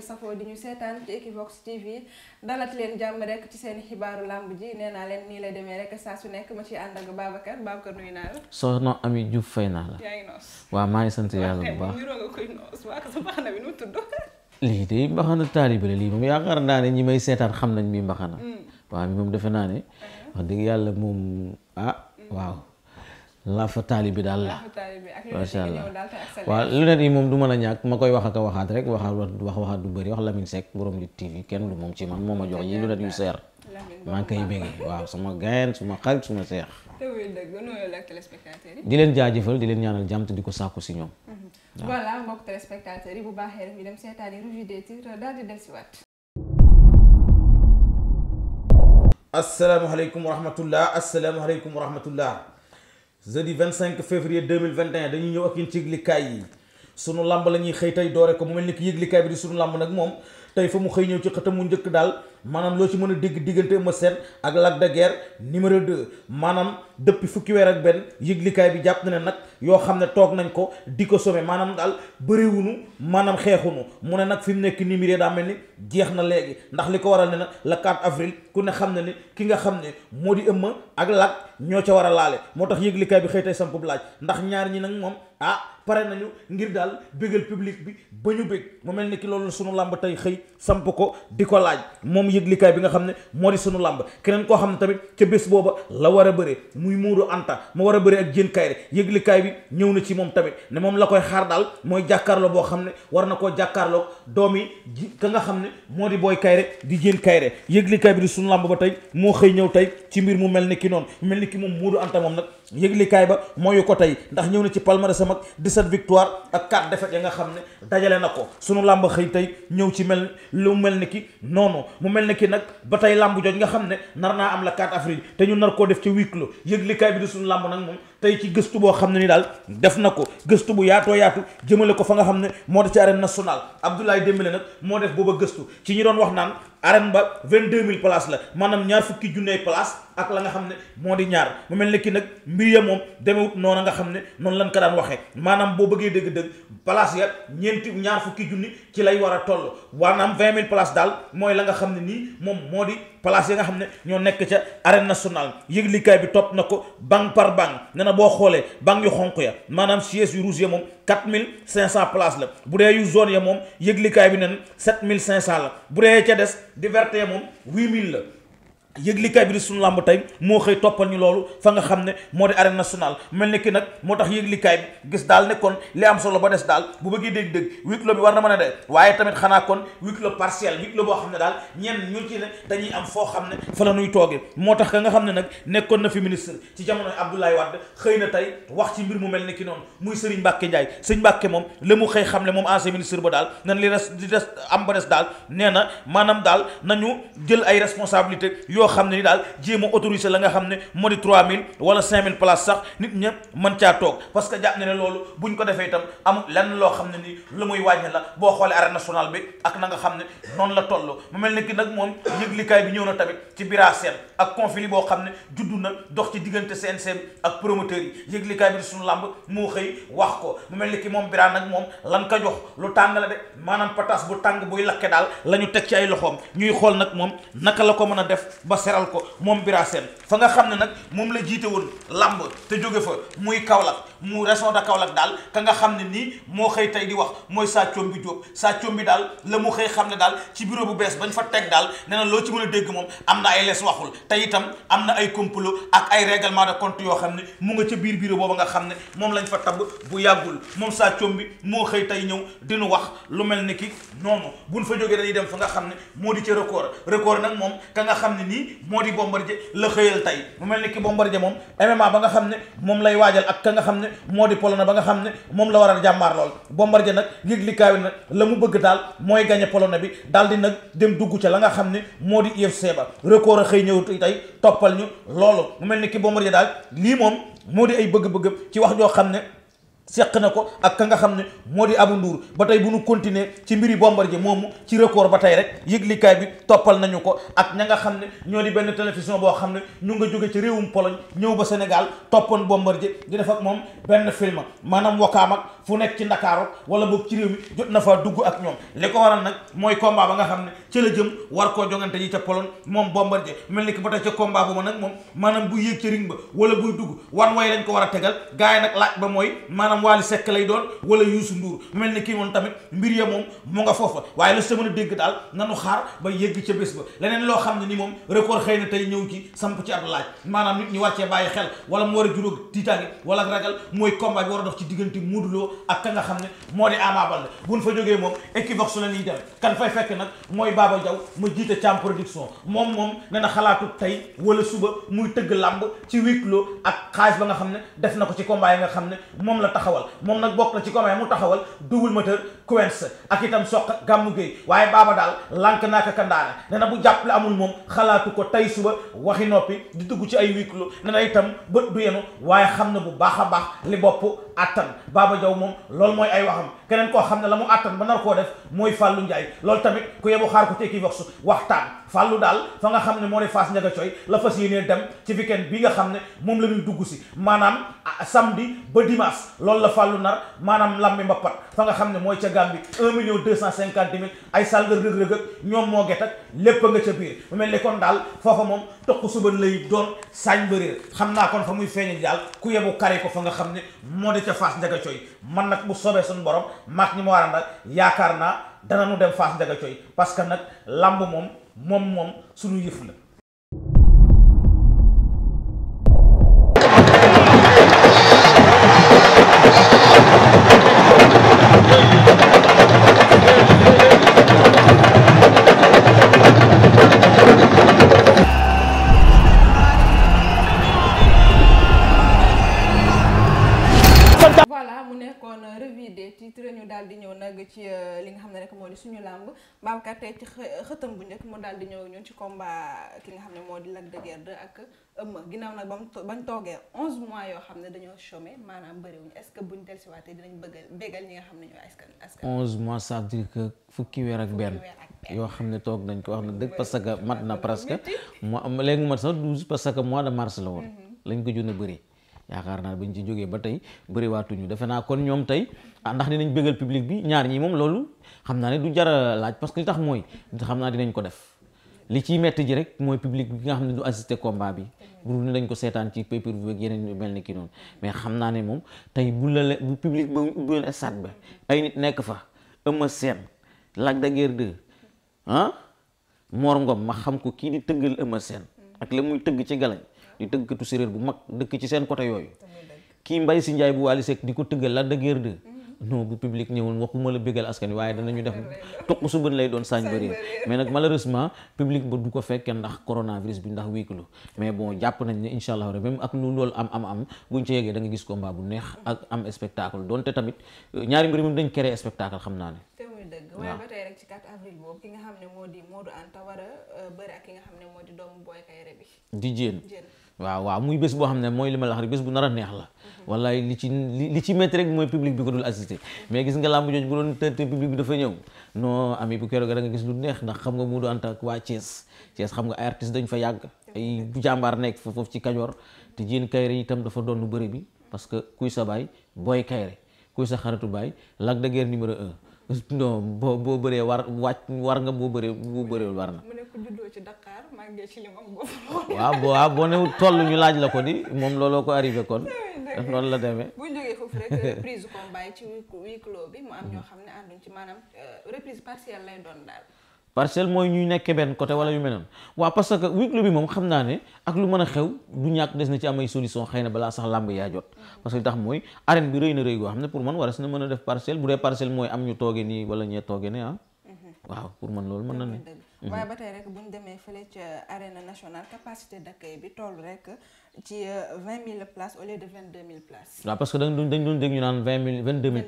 a safoo di ñu seetaan ci Equivox TV dalat leen jàmm rek ci seen xibaaru làmb ji nee naa leen nii la demee rek saa su nekk ma ci ànd ak Babacar Babacar nuyu naa la. soxna Ami Diouf fay naa la. yaa maa ngi sant yàlla bu baax waaw mbaxana bi nu lii de mbaxana taalibe la lii moom yaakaar naa ne ñi may seetaan xam nañ mi mbaxana. Mm. waaw moom defe naa ne. Uh-huh. wax dëgg yàlla moom ah mm. waaw. laafa bi daal la macha allah waaw lunettes yi moom du mën a ñàkk ma koy wax ak a waxaat rek waxaat wax waxaat du bëri wax Lamine Seck borom Lutte TV kenn du moom ci man moo ma jox yi lunettes yu seer maa ngi koy béggee waaw suma gayen suma xarit suma seex di leen jaajëfal di leen ñaanal jàmm di ko sàkku si ñoom mhm. voilà mbokk bu baaxee rek ñu dem seetaani revue des titres daal di dellusiwaat asalaamaaleykum wa rahmatullah asalaamaaleykum jeudi 25 février 2021 dañuy ñëw ak yéen ci yëglikaay yi sunu lamb la ñuy xëy tey doore ko mu mel ni ki yëglikaay bi di sunu lamb nag moom tey fa mu xëy ñëw ci xëtam mu njëkk daal maanaam loo ci mën a dégg diggante Eumeu Sène ak Lac de Guiers numéro de maanaam depuis fukki weer ak benn yëglikaay bi jàpp na ne nag yoo xam ne toog nañ ko di ko somme maanaam daal bëriwunu maanaam xeexunu mu ne nag fi mu nekk numéro daa mel ni jeex na léegi ndax li ko waral ne nag le 4 avril ku ne xam ne ni ki nga xam ne moo di Eumeu ak Lac ñoo ca war a laale moo tax yëglikaay bi xëy tey samp laaj ndax ñaar ñi nag moom ah pare nañu ngir daal béggal public bi ba ñu bég mu mel ni ki loolu sunu làmb tey xëy samp ko di ko laaj moom yëglikaay bi nga xam ne moo di sunu làmb keneen koo xam ne tamit ca bés booba la war a bëree muy Moodu Anta mu war a bëree ak Diène Kaïré bi ñëw na ci moom tamit ne moom la koy xaar daal mooy jàkkaarloo boo xam ne war na koo jàkkaarloo doom yi ka nga xam ne moo di Boy Kaïré di Diène Kaïré yëglikaay bi di sunu làmb ba tey moo xëy ñëw tey ci mbir mu mel ni ki noonu mel ni ki moom Moodu Anta moom nag yëglikaay ba mooyu ko tey ndax ñëw na ci palmarès am ak 17 victoire ak 4 défaites ya nga xam ne dajale na ko sunu làmb xëy tey ñëw ci mel lu mel ni ki noonu mu mel ni ki nag ba tey làmb jooj nga xam ne nar naa am la 4 avril te ñu nar koo def ci huis clos yëglikaay bi di sunu làmb nag moom tey ci gëstu boo xam ne ni daal def na ko gëstu bu yaatoo yaatu jëmale ko fa nga xam ne moo def ci arène nationale Abdoulaye Dembélé nag moo def booba gëstu ci ñi doon wax naan arène ba vingt-deux mille places la maanaam ñaar fukki junney place ak la nga xam ne moo di ñaar mu mel ne ki nag mbir ya moom demewut noonu nga xam ne noonu lañ ko daan waxee maanaam boo bëggee dëgg-dëgg place ya ñeenti ñaar fukki junni ci lay war a toll waanaam vingt mille places daal mooy la nga xam ne nii moom moo di place yi nga xam ne ñoo nekk ca arène nationale yëglikaay bi topp na ko banque par banque nee na boo xoolee banque yu xonq ya maanaam sièges yu rouge ya moom quatre mille cinq cent place la bu dee yu zone ya moom yëglikaay bi na sept mille cinq cent la bu dee ca des diverte ya moom huit mille la yëglikaay bi di sunu làmb tey moo xëy toppal ñu loolu fa nga xam ne moo di arène nationale mel ne ki nag moo tax yëglikaay bi gis daal nekkoon li am solo ba des daal bu bëggee dégg-dégg huis clos bi war na mën a de waaye tamit xanaa kon huis clos partiel huis clos boo xam ne daal ñenn ñu ci ne dañuy am foo xam ne fa la ñuy toogee moo tax ka nga xam ne nag nekkoon na fi ministre ci jamono Abdoulaye Wade xëy na tey wax ci mbir mu mel ne ki noonu muy Serigne Mbacke Ndiaye Serigne Mbacke moom la mu xëy xam ne moom ancien ministre ba daal nan li des am ba daal nee na maanaam daal nañu jël ay responsabilité yoo xam ne ni daal jéema a autorisé la nga xam ne moo di 3000 wala 5000 places sax nit ña mën caa toog parce que jàpp na ne loolu buñ ko defee itam amul lenn loo xam ne ni lu muy wàññi la boo xoolee arène nationale bi ak na nga xam ne noonu la toll mu mel ni ki nag moom yëglikaay bi ñëw na tamit ci bira seen ak conflit boo xam ne juddu na dox ci diggante seen seen ak promoteurs yi yëglikaay bi di suñu làmb moo xëy wax ko mu mel ni ki moom bira nag moom lan ko jox lu tàng la de maanaam pataas bu tàng buy lakke daal la ñu teg ci ay loxoom ñuy xool nag moom naka la ko mën a def ba seral ko moom Bira fa nga xam ne nag moom la jiite woon lamb te jóge fa muy Kaolack mu région de Kaolack daal ka nga xam ne nii moo xëy tey di wax mooy saa coom bi Jóob saa bi daal la mu xëy xam ne daal ci bureau bu bees bañ fa teg daal nee na loo ci mun a dégg moom am na ay lees waxul tey itam am na ay complot ak ay règlement de compte yoo xam ne mu nga ca biir bureau boobu nga xam ne moom lañ fa tabb bu yàggul moom saa coom bi moo xëy tey ñëw dinu wax lu mel ni ki noonu buñ fa jógee dañuy dem fa nga xam ne moo di ca record yi moo di Bombardier la xëyal tey mu mel ni ki moom MMA ba nga xam ne moom lay waajal ak ka nga xam ne moo di Pologne ba nga xam ne moom la war a jàmmaar lool Bombardier nag yëg li kaawi nag la mu bëgg daal mooy gagné Pologne bi daal di nag dem dugg ca la nga xam ne moo di UFC ba record a xëy ñëw tey toppal ñu loolu mu mel ni ki Bombardier daal lii moom moo di ay bëgg-bëgg ci wax joo xam ne seq na ko ak ka nga xam ne moo di Abu Nduur ba tey bu nu continuer ci mbiri bombar ji moomu ci record ba tey rek yëglikaay bi toppal nañu ko ak ña nga xam ne ñoo di benn télévision boo xam ne ñu nga jóge ca réewum Pologne ñëw ba Sénégal toppoon Bombardier di def ak moom benn film maanaam wakaam ak fu nekk ci Ndakaaru wala boog ci réew mi jot na faa dugg ak ñoom li ko waral nag mooy combat ba nga xam ne ci la jëm war koo jongante yi ca Pologne moom Bombardier mel ni que ba tey ca combat bu ma moom maanaam bu yéeg ba wala buy dugg wan way lañ ko war a tegal gars yi ba mooy maanaam Waly Seck lay doon wala Youssou Ndour mel ni kii moom tamit mbir ya moom mu nga foofa waaye la sa mën a dégg daal nanu xaar ba yëgg ca bés ba leneen loo xam ne ni moom record xëy na tey ñëw ci samp ci ab laaj maanaam nit ñi war cee bàyyi xel a juróog tiitaange wala ragal mooy combat bi war a dox ci diggante Modou Lo ak ka ne na xalaatu tey wala suba muy tëgg làmb ci huis clos ak xaalis ba nga xam ne def na ko ci combat nga xam ne moom la taxaw taxawal moom nag bokk na ci combat mu taxawal double moteur Quench ak itam soq gàmmu géey waaye baaba daal lank naaka kandaana ne na bu jàppale amul moom xalaatu ko tey suba waxi noppi di dugg ci ay wiiklu ne na itam bët du yenu waaye xam na bu baax a baax li bopp attan baaba jaw moom loolu mooy ay waxam keneen koo xam ne la mu attan ba nar koo def mooy fàllu njaay loolu tamit ku yebu xaar ko ci Equivox waxtaan fàllu daal fa nga xam ne moo di faas njaga coy la fas yéenee dem bi nga xam moom la ñuy dugg si ah, la fàllu nar maanaam lambi mbappat fa nga xam ne mooy ca Gàmbi un million deux cent cinquante mille ay salga rëg-rëg ñoom moo get ak lépp nga ca biir mu mel ni kon daal foofa moom toq suban lay doon sañ bëréer xam naa kon fa muy feeñe daal ku yebu kari ko fa nga xam ne moo de ca faas njaga coy man nag bu sobee suñu borom maak ñi ma war a yaakaar naa dana mu dem faas njaga coy parce que nag lamb moom moom moom suñu yëf la nag ci euh, li nga xam ne rek moo di suñu làmb Babacar tey ci xëtam bu njëkk mu daal di ñëw ñun ci combat ki nga xam ne moo di Lac de Guiers 2 ak Eumeu ginnaaw nag bam bañ toogee 11 mois yoo xam ne dañoo chômé maanaam bëriwuñu est-ce que buñ dellusiwaatee dinañ bëggal bégal ñi nga xam ne ñooy askan askan 11 mois ça veut dire que fukki weer ak benn yoo xam ne toog nañ ko wax na dëgg parce que mat na presque mo léegi mat sax 12 parce que mois de mars la woon mm-hmm. lañ ko junne bëri yaakaar naa bañ ci jógee ba tey bëriwaatuñu defe naa kon ñoom tey ah, ndax dinañ bëggal public bi ñaar ñi moom loolu xam naa ne du jara laaj parce que li tax mooy xam naa dinañ ko def li ciy metti ji rek mooy public bi nga xam ne du assister combat bi bu ne dañ ko seetaan ci pay per view ak mel ni ki mais xam ne moom tey bu la bu public ba bu leen stade ba ay nit nekk fa Eumeu Sène Lac de Guiers 2 ah Mor Ngom ma xam ko kii di tëggal Eumeu Sène ak la muy tëgg ci galañ di tëggkatu séréer bu mag dëkk ci seen côté yooyu kii Mbaye si Ndiaye bu Wally di ko tëggal la dëgër de non bu public ñëwoon waxuma la bégal askan waaye danañu def toq su bën lay doon sañ bëri mais nag malheureusement public ba du ko fekkee ndax coronavirus bi ndax wiiklu mais bon jàpp nañ ne incha allah même ak lu loolu am am am buñ ci yeggee da nga gis combat bu neex ak am spectacle donte tamit ñaari mbir mi dañ créer spectacle xam naa ne dëgg waaye ba ci 4 avril boobu ki nga xam ne moo di Modou Anta war a euh, moo di di jéen waaw waaw muy bés boo xam ne mooy li ma la wax rek bés bu nar a neex la mhm. wallaay li ci li ci métti rek mooy public bi ko dul assister mhm. mais gis nga làmb jooju bu doon tënte public bi dafa ñëw non ami bu keroog da nga gis lu neex ndax xam nga Modou Anta ak waa Thiès Thiès xam nga ay artiste dañ fa yàgg ay jàmbaar nekk fa foofu ci Kajoor te jéen Kayre tam dafa doon lu bëri bi parce que kuy sa baay booy Kayre kuy sa xaritu baay Lac de Guiers numéro non boo boo bëree war wàcc war nga boo bëree boo bëree war na. mu ne ku juddoo ci Dakar maa ngi ci li mu waaw boo waaw boo ne toll ñu laaj la ko di moom looloo ko arrivé kon. loolu la demee. bu ñu jógee foofu rek reprise euh, combat ci huis clos bi mu am ñoo xam ne ànduñ ci maanaam euh, reprise partielle lay doon daal. parcelle mooy ñuy nekk benn côté wala yu mel noonu parce que huis clos bi moom xam naa ne ak lu mën a xew du ñàkk des na ci amay solution xëy na balaa sax làmb yaa jot parce que li tax mooy arène bi rëy na rëy goo xam ne pour man war na mën a def parcelle bu dee parcelle mooy am ñu tooge nii wala ñee tooge ne ah. mhm. waaw pour man loolu mën na ne Mhm. waaye ba tey rek bu demee fële ca arène nationale capacité d'accueil bi toll rek ci euh, mille places au lieu de vingt deux mille places. waaw parce que dañ doon dañ doon dégg ñu naan vingt mille vingt la mille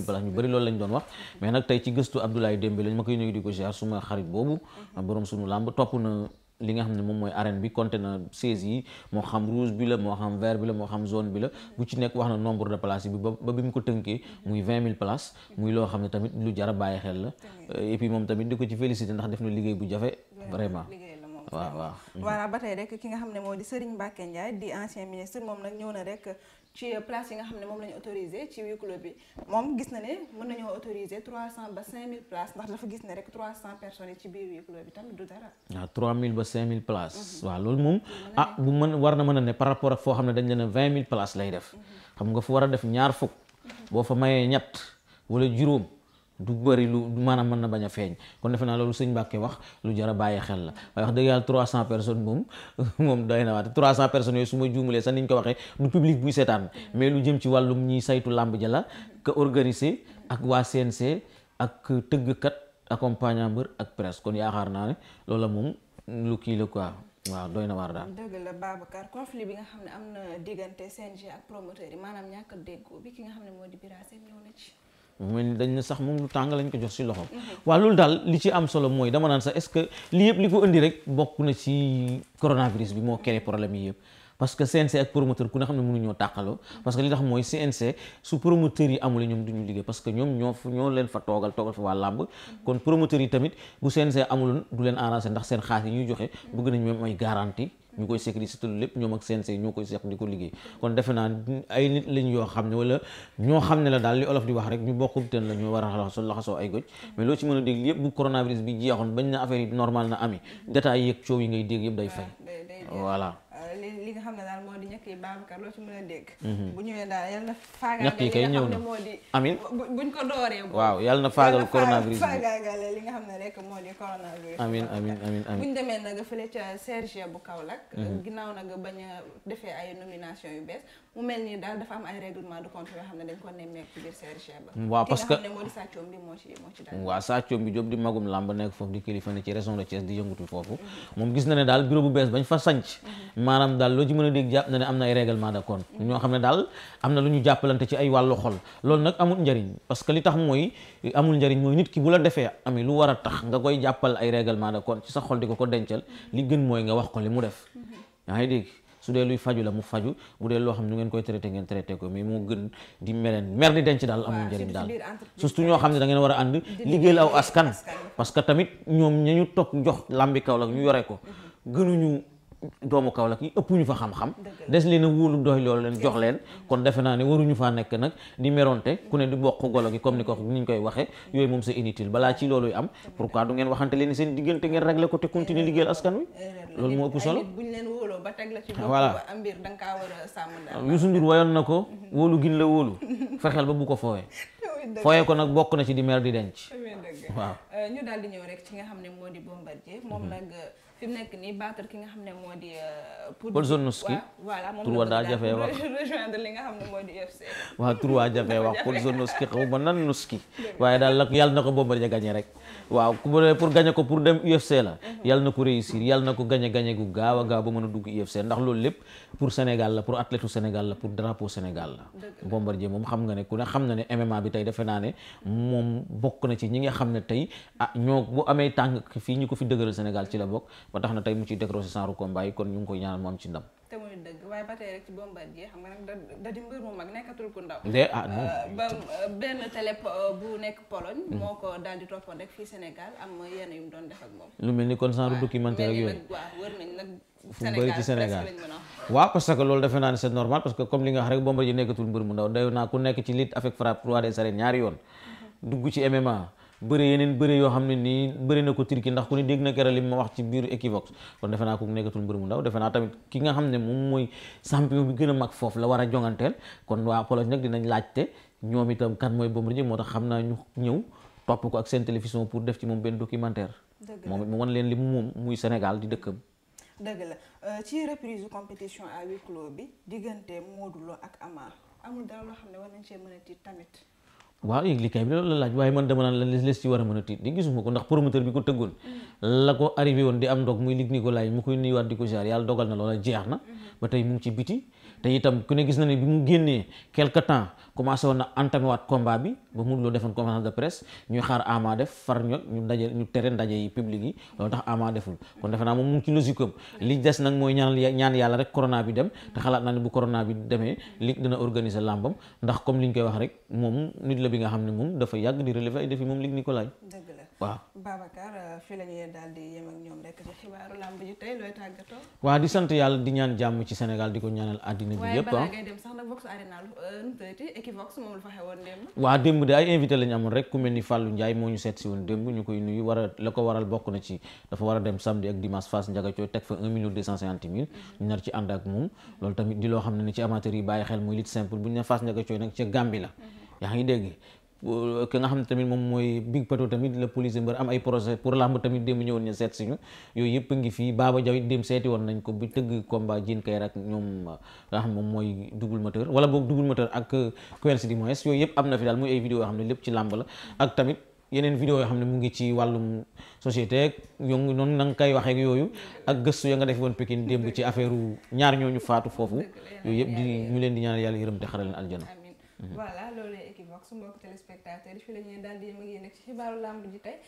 places ñu bëri loolu lañ doon wax. mais nag tey ci gëstu Abdoulaye Dembélé lañ ma koy nuyu di ko suma xarit boobu. Mhm. borom sunu làmb topp na. li nga xam ne moom mooy arène bi compté na 16 yi moo xam rouge bi la moo xam vert bi la moo xam zone bi la bu ci nekk wax na nombre de places bi ba ba bi mu ko tënkee muy 20 000 places muy loo xam ne tamit lu jar a bàyyi xel la et moom tamit di ko ci félicité ndax def na liggéey bu jafe vraiment. waaw waaw voilà ba tey rek ki nga xam ne moo di Serigne Mbacké Ndiaye di ancien ministre moom nag ñëw na rek ci place yi nga xam ne moom la ñu autorisé ci huis clos bi moom gis na ne mën nañoo autorisé trois cent ba cinq mille places ndax dafa gis ne rek trois cent personnes yi ci biir huis clos bi tamit du dara. waaw trois mille ba cinq mille places. Mhm. waaw loolu moom ah bu mën war na mën a ne par rapport ak foo xam ne dañ leen a vingt mille places lay def. Mhm. xam nga fu war a def ñaar fukk. Mhm. boo fa mayee ñett wala juróom. du bëri lu maanaam mën na bañ a feeñ kon defe naa loolu sëñ Mbàkke wax lu jar a bàyyi xel la waaye wax dëgg trois cent personnes moom moom doy na waate trois cent personnes waa kii la quoi waaw doy na waar daal. dëgg la Babacar conflit bi nga xam ne am na diggante CNG ak promoteur yi maanaam ñàkk déggoo bi ki nga xam ne moo di Bira Sène ñëw na ci. mel dañ ne sax moom lu tàng lañ ko jox si loxo. Mhm. waa loolu daal li ci am solo mooy dama naan sax est-ce que li yëpp li ko indi rek bokk na ci coronavirus bi moo créé problème yi yëpp. parce que CNC ak promoteur ku ne xam ne mënuñoo tàqaloo parce que li tax mooy CNC su promoteurs yi amule ñoom duñu liggéey parce que ñoom ñoo ñoo leen fa toogal toogal fa waa làmb kon promoteurs yi tamit bu CNC amuloon du leen arrangé ndax seen xaalis yi ñuy joxe bëgg nañ même ay garantie ñu koy sécuriser te lépp ñoom ak CNC ñoo koy seq di ko liggéey kon defe naa ay nit lañ yoo xam ne wala ñoo xam ne la daal li olof di wax rek ñu bokkul teen la ñoo war a laxasoo laxasoo ay goj mais loo ci mën a dégg yëpp bu coronavirus bi jeexoon bañ xam ne daal a dégg. Mhm. bu ñëwee na faagaal ñàkk yi kay ñëw ne rek bu Kaolack. Mhm. bañ a defee ay mu mel nii daal dafa am ay règlement de compte yoo xam ne dañ ko nemmeek ci biir Serge ba. di Sadio daal. waaw mhm. moom gis na ne daal bu bees bañ fa sanc maanaam daal loo ci mën a dégg jàpp na ne am na ay règlement de compte ñoo xam ne daal am na lu ñu amul njariñ parce que li tax mooy amul njariñ mooy nit ki bu la defee amee lu war a tax nga koy jàppal ay règlement de compte ci sa xol di ko ko dencal li gën mooy nga wax ko li mu def yaa dégg su dee luy faju la mu faju bu dee loo xam ne nu ngeen koy traité ngeen traité ko mais moo gën di melen mer di denc daal amul njëriñ daal surtout ñoo xam ne da war a ànd liggéeyal aw askan parce que tamit ko mhm. doomu Kaolack yi ëpp ñu fa xam-xam des leen a wóolu doy loolu leen jox leen kon defe naa ne waruñu faa nekk nag di meronte ku ne di bokk golo gi comme ni ko ni ñu koy waxee yooyu moom c'est inutile balaa ci looluy am pourquoi du ngeen waxante leen seen diggante ngeen régler ko te continuer liggéeyal askan wi loolu moo ëpp solo voilà Youssou Ndour na ko wóolu gin la wóolu fexeel ba bu ko fooyee fooyee ko nag bokk na ci di mer di denc waaw euh, ñu daal di ñëw rek ci nga xam ne moo di Bombardier mhm. moom nag euh, ki nga xam ne moo di euh, Polzonowski voilà moom tur wa daa jafee wax rejoindre li nga xam ne moo di UFC waaw tur waa jafee wax Polzonowski xaw ma daal la yàlla na ko Bombardier gagné rek waaw pour gagné ko pour dem UFC la mhm. na ko réussir yàlla na ko gagné gagné gu gaaw a mën a dugg UFC ndax loolu lépp pour Sénégal la pour athlète Sénégal la pour drapeau Sénégal la Bombardier moom xam nga ne ku ne xam na ne MMA bi tey defe naa ne moom bokk na ci ñi nga xam ne ne tey ah ñoo bu amee tànk fii ñu ko fi dëgëral Sénégal ci la bokk ba tax na tey mu ciy décroché sans combat yi kon ñu ngi koy ñaanal mu am ci ndam te muy dëgg da da di mbir mu mag nekkatul ku ndaw de ah euh, euh, bu nekk Pologne mm. moo ko daal di toppoon rek fii Sénégal am yenn yu mu doon def ak moom lu mel ni kon genre documentaire ak yooyu waaw wër nañ nag fu mu bëri ci Sénégal waaw parce que loolu defe naa ne c'est normal parce que comme li nga wax rek Bombardier nekkatul mbir mu ndaw day naa ku nekk ci lutte avec frappe roi des arènes ñaari yoon mm-hmm. bëre yeneen bëre yoo xam ne nii bëri na ko turki ndax ku ni dégg na keroog li ma wax ci biir Equivox kon defe naa ko nekkatul mbër mu ndaw defe naa tamit ki nga xam ne moom mooy champion bi gën a mag foofu la war a jonganteel kon waa Pologne nag dinañ laajte ñoom itam kan mooy Bombardier moo tax xam naa ñu ñëw topp ko ak seen télévision pour def ci moom benn documentaire moom it mu wan leen li muy Sénégal di dëkkam dëgg la euh, ci reprise compétition à huis clos bi diggante Modou Lo ak Ama amul dara loo xam ne war nañ cee mën a tiit tamit waaw yëglikaay bi loolu la laaj waaye man dama naan la les ci war a mën a tiit di gisuma ko ndax promoteur bi ko tëggoon mm-hmm. la ko arrivé woon di am ndog muy lig ni ko laaj mu koy nuyuwaat di ko jaar yàlla dogal na loola jeex na mm-hmm. ba tey mu ngi ci biti te itam ku ne gis na ne bi mu génnee quelque temps commencé woon na entamé waat combat bi ba Modou Lo defoon conférence de presse ñuy xaar Ama def far ñot ñu tere ndaje yi public yi loolu tax Ama deful kon defe naa moom mu ngi ci li des nag mooy ñaan yàlla rek corona bi dem te xalaat naa ne bu corona bi demee li dina organiser làmbam ndax comme li ñu koy wax rek moom nit la bi nga xam ne moom dafa yàgg di relever ay défi moom Luc Nicolaï waaw euh, la ñuy daal di yem di sant yàlla di ñaan jàmm ci Sénégal di ko ñaanal àddina bi yëpp ah. Equivox moom la fa xewoon démb. waaw démb de ay invité lañu amoon rek ku mel ni Fallou Ndiaye moo ñu seet si woon démb ñu koy nuyu war la ko waral bokk na ci dafa war a dem samedi ak dimanche Fass Ndiaga teg fa 1 million 250 mille mhm. ñu nar ci ànd ak moom loolu tamit di loo xam ne ni ci amateur bàyyi xel muy lutte simple bu ne Fass Ndiaga nag ca Gambie la mhm. yaa ngi dégg ki euh, nga xam ne tamit moom mooy big pato tamit la police mbër am ay projet pour làmb tamit démb ñëwoon ñu seet siñu yooyu yëpp ngi fii baaba jaw it démb seeti woon nañ ko bi tëgg combat jin kay rak moom mooy double moteur wala boog double moteur ak Quench di moins yooyu yëpp am na fi daal muy ay vidéo yoo xam ne lépp ci làmb la ak tamit yeneen vidéo yoo xam ne mu ngi ci wàllum société ñoom noonu na nga koy waxee ak yooyu ak gëstu ya nga def woon Pikine démb ci affaire ñaar ñooñu faatu foofu yooyu yëpp ñu leen di ñaanal yàlla yërëm te xaraleen aljana waaw loolu la Equivox mbokk téléspectateur yi fi la ñuy daal di yem ak yéen nag ci xibaaru làmb ji tey